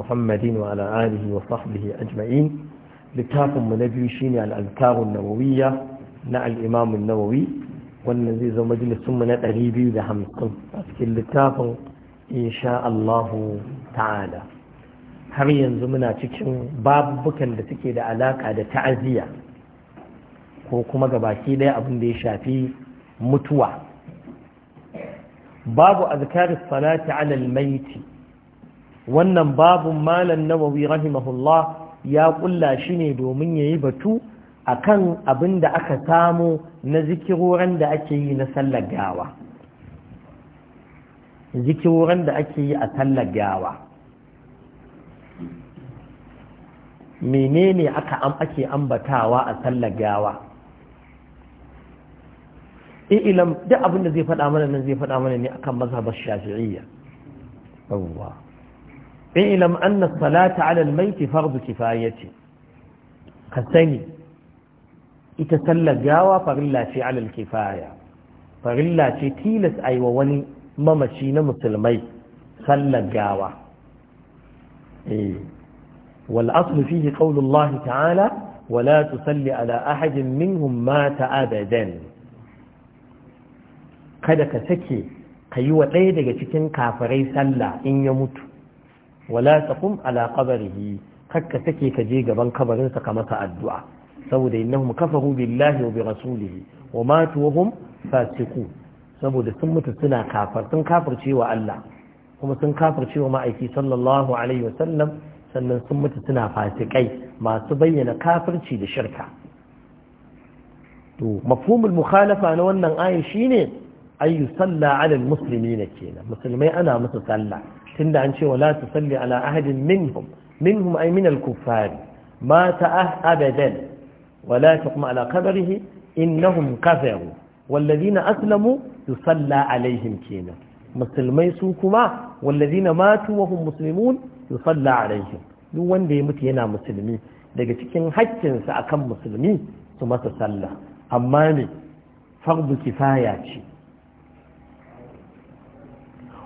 muhammadin wa ala alihi wa sahbihi ajma'in littafinmu na biyu shine al-azkarun na al'imamin imam nawawi wannan zai zama majalisun mu na 250 a cikin littafin insha Allah ta'ala har yanzu muna cikin babukan da suke da alaka da ta'aziyya ko kuma gabaki ɗaya abin da ya shafi mutuwa babu azkarin salati alal maiti wannan babun malan nawawi rahimahullah ya kulla shi ne domin yayi batu akan abin da aka samu na zikiroran da ake yi na sallar gawa zikiroran da ake yi a sallar gawa menene aka am ake ambatawa a sallar gawa ilam duk abin da zai faɗa mana nan zai faɗa mana ne akan mazhabar shafi'iyya Allah ilam anna salata ala almaiti fardu kifayati ka sani ita sallar gawa farilla ce ala alkifaya farilla ce tilas aiwa wani mamaci na musulmai sallar gawa wal aslu fihi qaulullahi ta'ala ولا تصلي على أحد منهم مات أبدا kada ka sake ka yi wa ɗaya daga cikin kafirai sallah in ya mutu wala taqum ala qabrihi kakka take ka je gaban kabarin sa ka masa addu'a saboda innahum kafaru billahi wa bi rasulihi wa matu wa hum fasiqun saboda sun mutu suna kafar sun kafirce wa Allah kuma sun kafirce wa ma'aiki sallallahu alaihi wa sallam sannan sun mutu suna fasikai masu bayyana kafirci da shirka to mafhumul mukhalafa na wannan ai shine ay alal ala almuslimina kenan musulmai ana musu sallah tunda an ce wala salli ala ahadin minhum minhum ay min al-kuffari mata ah abadan wala kuma ala qabrihi innahum kafaru wallazina aslamu yusalla alaihim kenan musulmai su kuma wallazina matu wa hum muslimun yusalla alaihim duk wanda ya mutu yana musulmi daga cikin haƙƙinsa akan musulmi su masa sallah amma ne fardu kifaya ce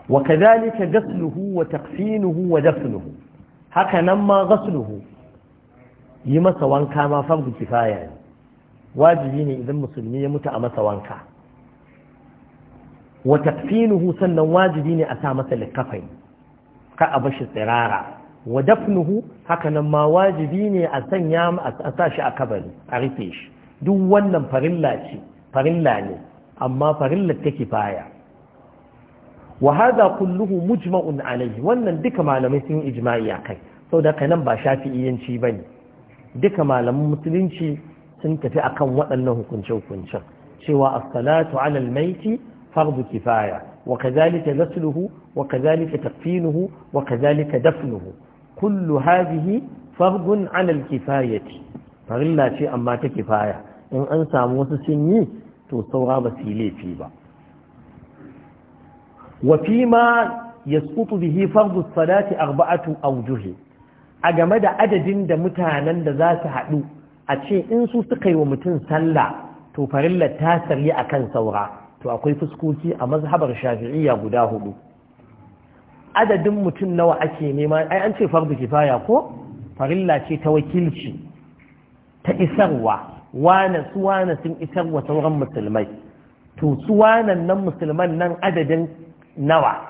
wa kadhalika ghasluhu wa taqsinuhu wa dafnuhu haka nan ma ghasluhu yi masa wanka ma fardu kifaya ne wajibi ne idan musulmi ya mutu a masa wanka wa taqsinuhu sannan wajibi ne a sa masa likafai ka a bashi tsirara wa dafnuhu haka nan ma wajibi ne a sanya a sa shi a kabari a rufe shi duk wannan farilla ce farilla ne amma farillar ta baya Wahaza hadha kulluhu mujma'un alayhi wannan duka malamai sun yi ijma'i akai saboda nan ba shafi'iyanci bane duka malaman musulunci sun tafi akan waɗannan hukunce-hukuncen cewa as-salatu 'ala al-maiti fardu kifaya wa kadhalika ghasluhu wa kadhalika takfinuhu wa kadhalika dafnuhu kullu hadhihi fardun 'ala al-kifayati farilla ce amma ta kifaya in an samu wasu sun yi to saura ba su yi laifi ba wafima fi ma bihi fardu salati arba'atu aujuhi a game da adadin da mutanen da za su haɗu a ce in su suka yi wa mutum sallah to farillar ta sarri akan saura to akwai fuskoki a mazhabar shafi'iyya guda hudu adadin mutum nawa ake nema ai an ce fardu kifaya ko farilla ce ta wakilci ta isarwa wane su wane sun isarwa sauran musulmai to su wanan nan musulman nan adadin nawa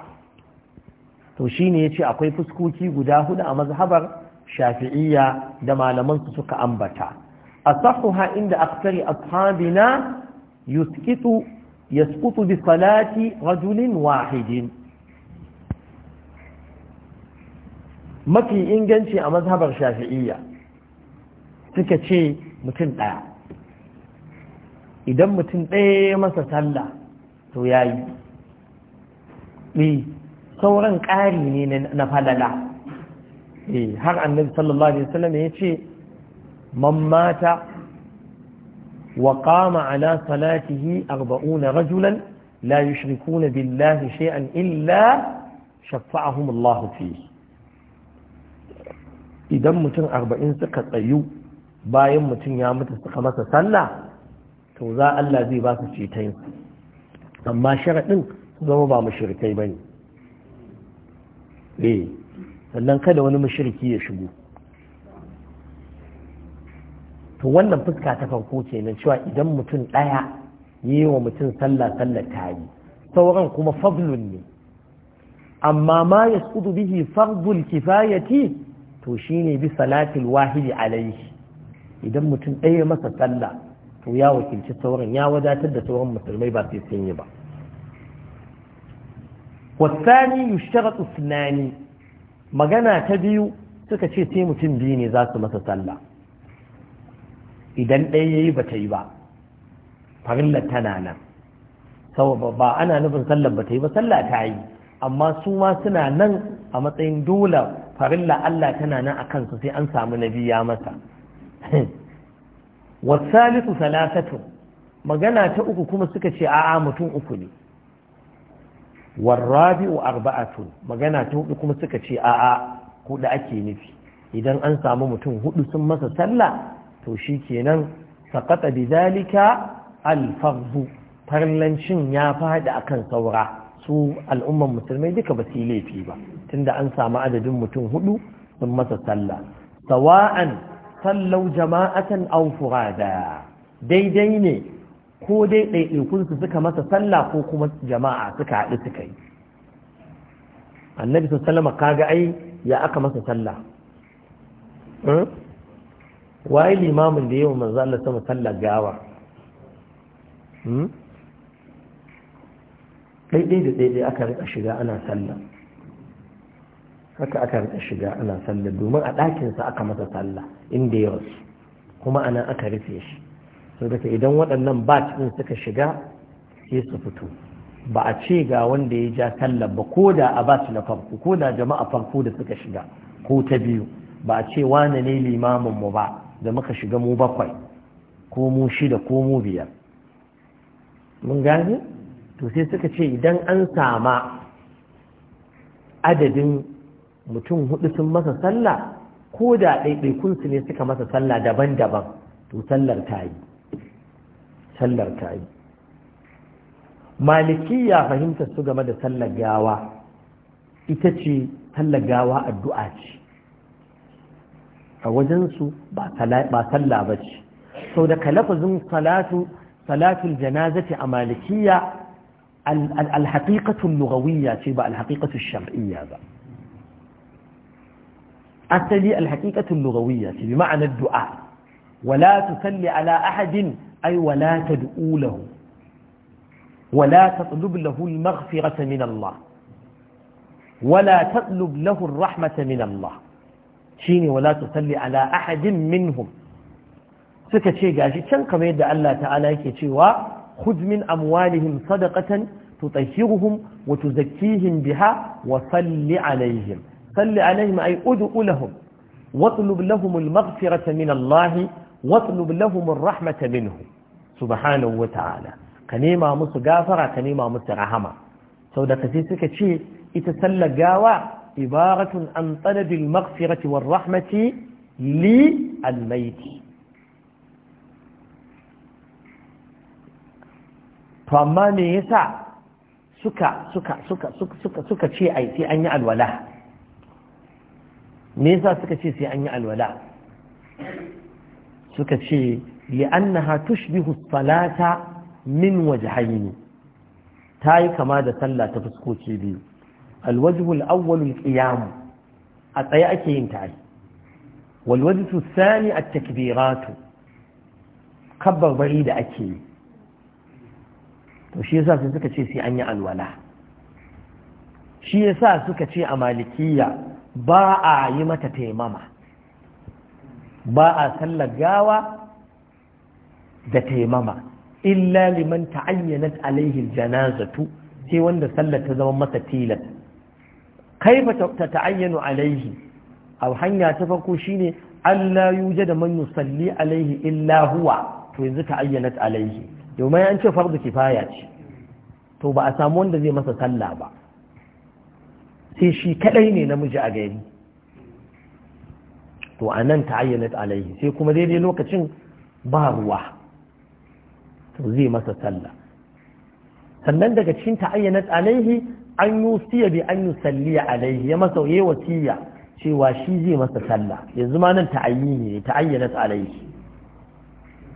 to shine ce akwai fuskoki guda hudu a mazhabar shafi'iyya da malaman su suka ambata asahuha inda aktari ashabina yusqitu yasqutu bi salati rajulin wahidin mafi inganci a mazhabar shafi'iyya suka ce mutum ɗaya idan mutum ɗaya masa sallah to yayi eh sauran ƙari ne na falala eh har annabi sallallahu alaihi wasallam ya ce man mata wa qama ala salatihi 40 rajulan la yushrikuna billahi shay'an illa shafa'ahum Allah fihi idan mutum arba'in suka tsayu bayan mutum ya mutu suka masa sallah to za Allah zai ba su ceton amma ɗin. zama ba mushrikai bane E, sannan kada wani mushriki ya shigo to wannan fuska ta farko kenan cewa idan mutum ɗaya yi wa mutum sallah sallah ta yi sauran kuma fadlun ne amma ma ya tsudu bihi fardul kifayati to shine bi salatil wahidi alaihi idan mutum ɗaya masa sallah to ya wakilci sauran ya wadatar da sauran musulmai ba sai sun yi ba والثاني يشترط اثنان magana ta biyu suka ce sai mutum biyu ne za su masa sallah idan ɗaya yayi ba ta yi ba farillar tana nan saboda ba ana nufin sallar ba ta yi ba sallah ta yi amma su ma suna nan a matsayin dole farilla Allah tana nan a kansu sai an samu na ya masa wasalisu salasatu magana ta uku kuma suka ce a'a mutum uku ne warrabi'u arba'atun magana ta hudu kuma suka ce a'a hudu ake nufi idan an samu mutum hudu sun masa sallah to kenan saƙasa bidhalika al-fardhu farlancin ya faɗi akan saura su al'umman musulmai duka ba su yi laifi ba tunda an samu adadin mutum hudu sun masa sallah sawa'an sallau jama'atan aw furada daidai ne ko dai su suka masa sallah ko kuma jama'a suka haɗu suka yi annabi sallama kaga ai ya aka masa sallah waye limamin da yawan manzo Allah sama sallah gawa hmm? daidai da daidai aka rika shiga ana sallah haka aka rika shiga ana sallah domin a ɗakinsa aka masa sallah inda ya rasu kuma ana aka rufe shi so daga idan waɗannan bat ɗin suka shiga sai su fito ba a ce ga wanda ya ja tallan ba ko da a bat na farko ko da jama'a farko da suka shiga ko ta biyu ba a ce wane ne limamin mu ba da muka shiga mu bakwai ko mu shida ko mu biyar mun gane to sai suka ce idan an sama adadin mutum hudu sun masa sallah ko da ɗaiɗaikunsu ne suka masa sallah daban-daban to sallar ta yi sallar ta yi malikiya fahimtar su game da sallar gawa ita ce sallar gawa addu'a ce a wajensu ba sallah ba ce sau da kalafazin salatu salatul janazati a malikiya alhaƙiƙatun lugawiyya ce ba alhaƙiƙatun shar'iyya ba asali alhaƙiƙatun lugawiyya ce bi ma'anar du'a wala tusalli ala ahadin ai wala tad'u lahu wala tatlub lahu al-maghfirata min Allah wala tatlub lahu ar-rahmata min Allah shine wala tusalli ala ahadin minhum suka ce gashi can kamar yadda Allah ta'ala yake cewa khudh min amwalihim sadaqatan tutahhiruhum wa tuzakkihim biha wa salli alaihim salli alaihim ay ud'u lahum واطلب لهم المغفرة من الله واطلب لهم subhanahu wa ta'ala ka nema musu gafara ka nema musu rahama sau da kasi suka ce ita sallar gawa ibaratun an tsanabil maghfirati war rahmati li almaiti to amma me yasa suka suka suka suka suka ce ai sai an yi alwala me yasa suka ce sai an yi alwala suka ce li'annaha tushbihu salata min wajhaini ta yi kama da sallah ta fuskoki biyu الوجه الأول القيام أطيع أكين تعي والوجه الثاني التكبيرات كبر بعيد أكين وشي يسا سنسكة شي سي أني الولا شي يسا سكة شي أمالكية باء يمة تيمامة باء سلق جاوة da taimama illa liman ta'ayyanat alaihi janazatu sai wanda sallar ta zama masa tilas kaifa ta ta'ayyanu alaihi a hanya ta farko shine Allah yuje da man yusalli alaihi illa huwa to yanzu ta'ayyanat alaihi domin an ce fardu kifaya ce to ba a samu wanda zai masa sallah ba sai shi kadai ne namiji a gari to anan ta'ayyanat alaihi sai kuma daidai lokacin ba ruwa to zai masa sallah sannan daga cikin ta'ayyana alaihi an yusiya bi an salliya alaihi ya masa yayi wasiya cewa shi zai masa sallah yanzu ma nan ta'ayyini ne ta'ayyana alaihi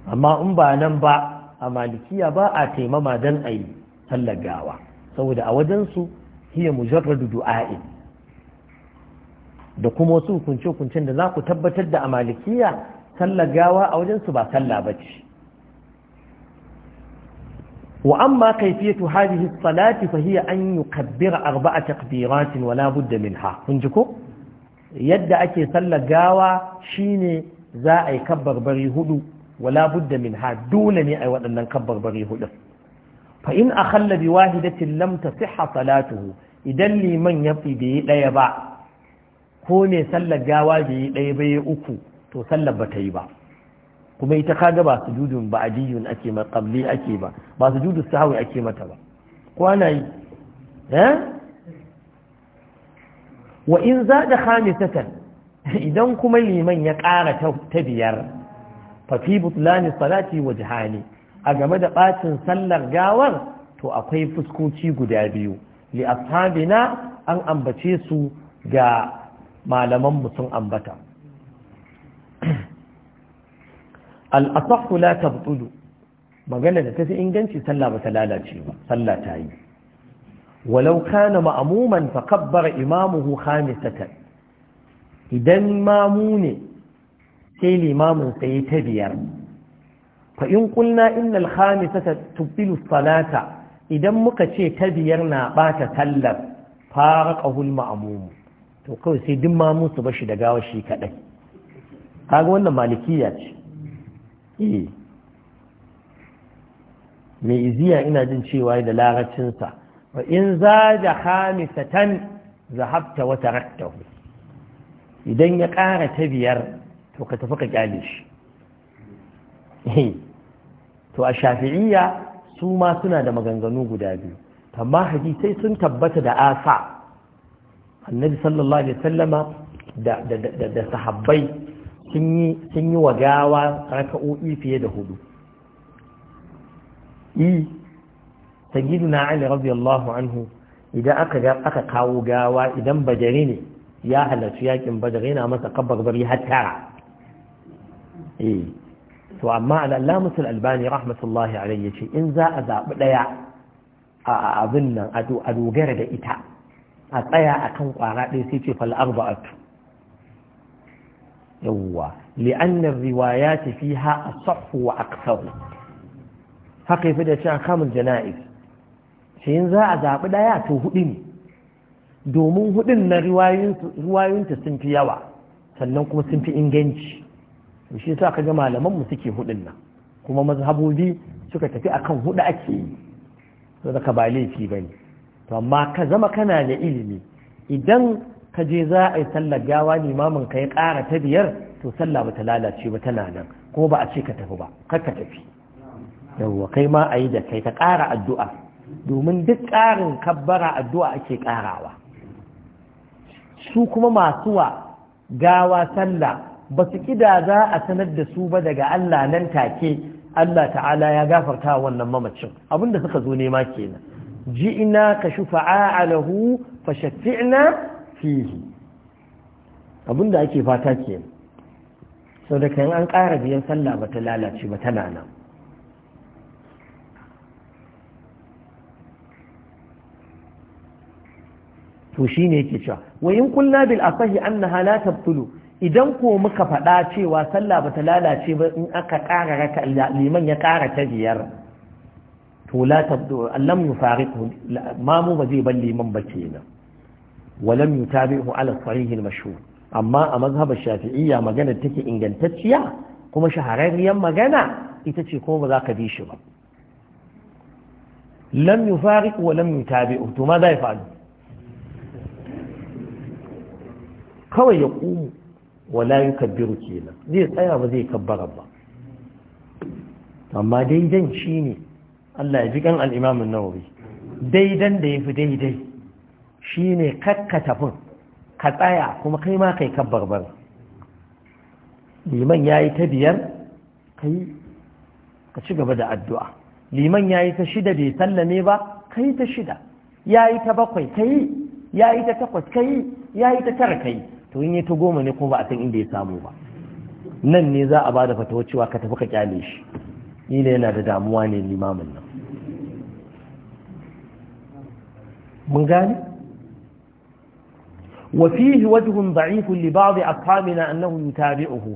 amma in ba nan ba a malikiya ba a taimama dan ayi sallar gawa saboda a wajensu hiya mujarradu du'a'i da kuma wasu hukunce-hukuncen da za ku tabbatar da a malikiya sallar gawa a wajensu ba sallah ba ce وأما كيفية هذه الصلاة فهي أن يكبر أربع تكبيرات ولا بد منها كنجكو يد أكي صلى قاوة شيني زا أي كبر بريهد ولا بد منها دولني أي أن نكبر بريهد فإن أخل بواحدة لم تصح صلاته إذا لي من يبي بي لا يبع كوني صلى قاوة بي لا يبي أكو تو صلى بتيبع kuma ita kaga ba sujudun ba adiyun ake ma qabli ake ba ba sujudu sahwi ake mata ba ko ana yi eh wa in zada khamisatan idan kuma liman ya ƙara ta biyar fa fi butlani salati wajhani a game da bacin sallar gawar to akwai fuskoci guda biyu li ashabina an ambace su ga malaman sun ambata al'asafu la tabtulu magana da ta fi inganci sallah ba ta lalace ba sallah ta yi walau kana ma'amuman fa kabbara imamuhu khamisatan idan mamu ne sai limamin sai ta biyar fa in qulna innal hamisata Tubbilu salata idan muka ce ta biyar na bata sallar fara al ma'amumu. to kawai sai duk mamu su bashi da gawa shi kadai kaga wannan malikiya ce eh mai iziya ina jin cewa da laracinsa wa in za da hamisatan zahabta wata taraktahu idan ya ƙara ta biyar to ka tafi ka kyale shi eh. to a shafi'iyya su ma suna da maganganu guda biyu amma hadisai sun tabbata da asa annabi sallallahu alaihi wasallama da sahabbai sun yi wa gawa raka'o'i fiye da hudu i sayyiduna ali radiyallahu anhu idan aka aka kawo gawa idan bajare ne ya halarci yakin badar yana masa kabar bari har tara e, to amma al'allamatul albani rahmatullahi ya yace in za a zaɓi ɗaya a abin nan a dogara da ita a tsaya akan kwara ɗaya sai ce fal arba'a. yawwa li'annar riwaya ta fi ha a safu wa aksaru haka yafi da cewa kamun jana'iz shi in za a zaɓi ɗaya to hudu ne domin hudun na riwayoyinta sun fi yawa sannan kuma sun fi inganci shi yasa kaga malaman mu suke hudun nan kuma mazhabobi suka tafi akan hudu ake yi to ka ba laifi bane to amma ka zama kana da ilimi idan ka je za a yi sallar gawa limamin ka ya ƙara ta biyar to sallah ba ta lalace ba tana nan Ko ba a ce ka tafi ba kar ka tafi yawwa kai ma a yi da kai ka ƙara addu'a domin duk ƙarin kabbara addu'a ake ƙarawa su kuma masu wa gawa sallah ba su kida za a sanar da su ba daga Allah nan take Allah ta'ala ya gafarta wannan mamacin abinda suka zo nema kenan ji'ina ka shufa'a alahu fa shafi'na fihi abinda ake fata ke sau da kayan an ƙara biyan sallah ba ta lalace ba tana nan to shi ne yake cewa wayin kulla bil asahi annaha la tabtulu idan ko muka faɗa cewa sallah ba ta lalace ba in aka ƙara raka liman ya ƙara ta biyar to la tabdu allam yufariqu ba zai bar liman ba kenan ولم يتابعه على الصحيح المشهور أما مذهب الشافعية مجانا تكي إنجان تتشيا كما شهرين يم مجانا إتتشي كوم ذاك ديشبا لم يفارق ولم يتابعه ماذا يفعل كوي يقوم ولا يكبر كينا زي تايا وزي كبر الله أما ديدن شيني الله يجيك الإمام النووي ديدن ديف ديدي Shi ne kakka tafin ka tsaya kuma kai ma kai kabbar bar liman ya yi ta biyar kai ka ci gaba da addu'a liman ya yi ta shida bai sallame ba kai ta shida ya yi ta bakwai kai yi ta takwas kai yi ta tara kai to in yi ta goma ne kuma ba a san inda ya samu ba nan ne za a ba da fata cewa ka tafi ka kyale shi ni ne yana da damuwa ne limamin nan mun gane وفيه وجه ضعيف لبعض أصحابنا أنه يتابعه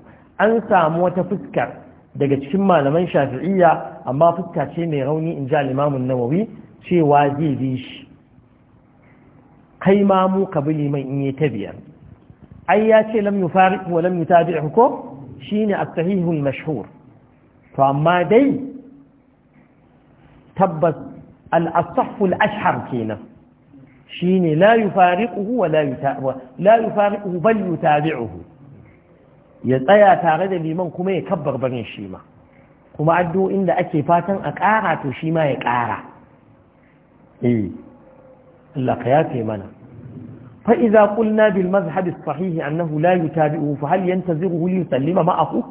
أنسى fuskar daga cikin malaman shafi'iyya amma fuska ce mai rauni in ji al'imamun nawawi cewa zai bi shi kai ma mu ka bi in yi ta biyar ai ya ce lam yufari wa lam yutabi'hu ko shine as-sahihul mashhur to amma dai tabbas al-asahhul ashhar kenan shine la yufariquhu wa la yutaba la yufariquhu bal yutabi'uhu ya tsaya tare da liman kuma ya kabbar barin shi ma kuma addu'o'in da ake fatan a ƙara to shi ma ya ƙara eh Allah ka yafe mana fa idza qulna bil mazhab annahu la yutabi'uhu fa hal yantaziruhu li yusallima ma'ahu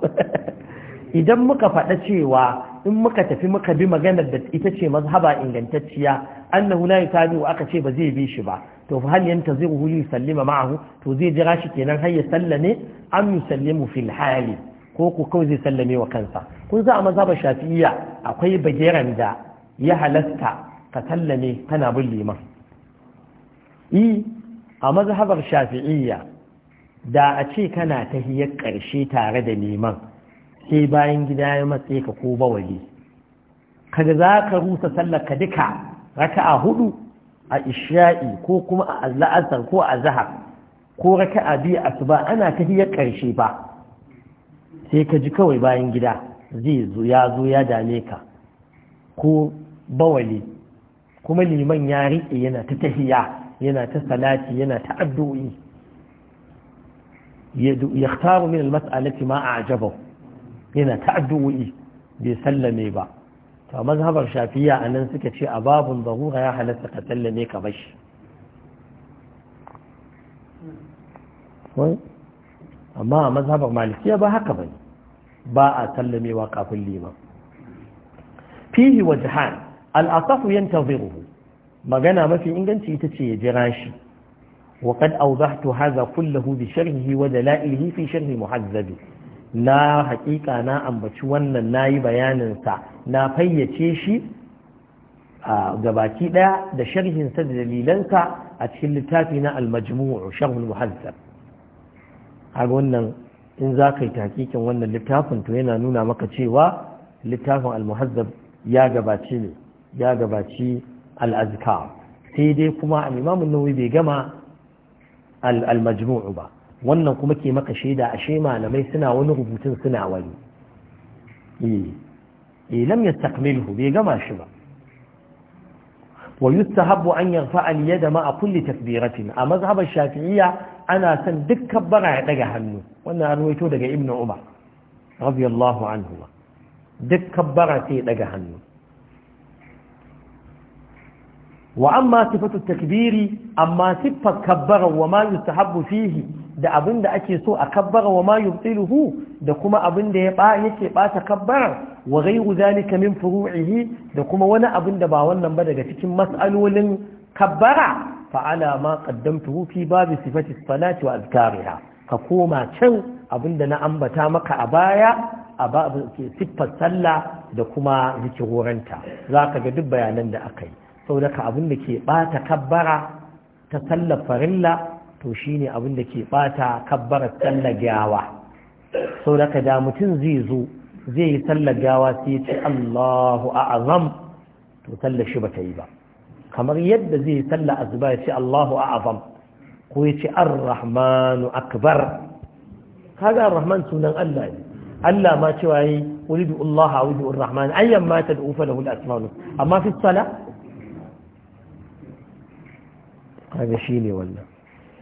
idan muka faɗa cewa in muka tafi muka bi maganar da ita ce mazhaba ingantacciya annahu la yutabi'u aka ce ba zai bi shi ba to fa hal yantazihu yusallima ma'ahu to zai jira shi kenan har ya sallame am yusallimu fil hali ko ku kawai zai sallame wa kansa kun za a mazhabar shafi'iyya akwai bageran da ya halasta ka sallame kana bin liman i a mazhabar shafi'iyya da a ce kana hiyar ƙarshe tare da liman sai bayan gida ya matse ka ko bawali Kada za ka rusa sallar ka duka raka'a hudu a isha'i ko kuma a la'asar ko a zahar ko raka'a biyu asuba ana tahiyar ƙarshe ba sai ka ji kawai bayan gida zai zo ya zo ya dame ka ko bawali kuma liman ya riƙe yana ta tahiya yana ta salati yana ta addu'o'i. ya min al-mas'alati ma a'jabahu yana ta addu'o'i, bai sallame ba to mazhabar shafiya a nan suka ce a babun zarura ya halatta ka tallame ka bashi amma a mazhabar malikiya ba haka bane ba a sallamewa kafin liman fihi wajhan al-asafu yantaziruhu magana mafi inganci ita ce ya jira shi وقد أوضحت هذا كله بشرحه ودلائله في شرح محذبه na hakika na ambaci wannan na yi bayaninsa na fayyace shi a gabaki ɗaya da sharhinsa da dalilansa a cikin littafi na almajmu'u sharhul muhazzab a wannan in za ka yi takikin wannan littafin to yana nuna maka cewa littafin almuhazzab ya gabaci ne ya gabaci al'azkar sai dai kuma al'imamun nawawi bai gama al ba wannan kuma ke maka shaida ashe malamai suna wani rubutun suna wani E, lam yastakmilhu bai gama shi ba wa yustahabbu an yarfa al yada ma kulli takbiratin a mazhabar shafi'iyya ana san duk kabbara ya daga hannu wannan an ruwaito daga ibnu umar radiyallahu anhu duk kabbara sai ya daga hannu wa amma sifatu takbiri amma siffar kabbara wa ma yustahabbu fihi da abin da ake so a kabbara wa ma yubtiluhu da kuma abin da yake bata kabbara, wa ghayru zalika min furu'ihi da kuma wani abin da ba wannan ba daga cikin mas'alolin kabbara fa ala ma qaddamtuhu fi babi sifati salati wa azkariha ka koma can abin da na ambata maka a baya a babu siffar sallah da kuma zikiroranta zaka ga duk bayanan da aka yi saboda abin da ke ɓata kabbara ta sallar farilla to shi ne abinda ke bata kabbarar sallar gawa sau da da mutum zai zo zai yi sallar gawa sai ce Allahu a'azam to sallar shi ba bata yi ba kamar yadda zai yi sallar azuba ya ce Allahu a'azam ko ya ce ar-rahmanu akbar kaga ar-rahman sunan Allah ne Allah ma cewa yi uridu Allah a uridu ar-rahman ayyan ma ta da'ufa lahu al-asma'u amma fi sala kaga ne wannan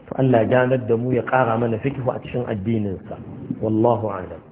فالله جاند دمو يقارع من فكه واتشن الدين والله أعلم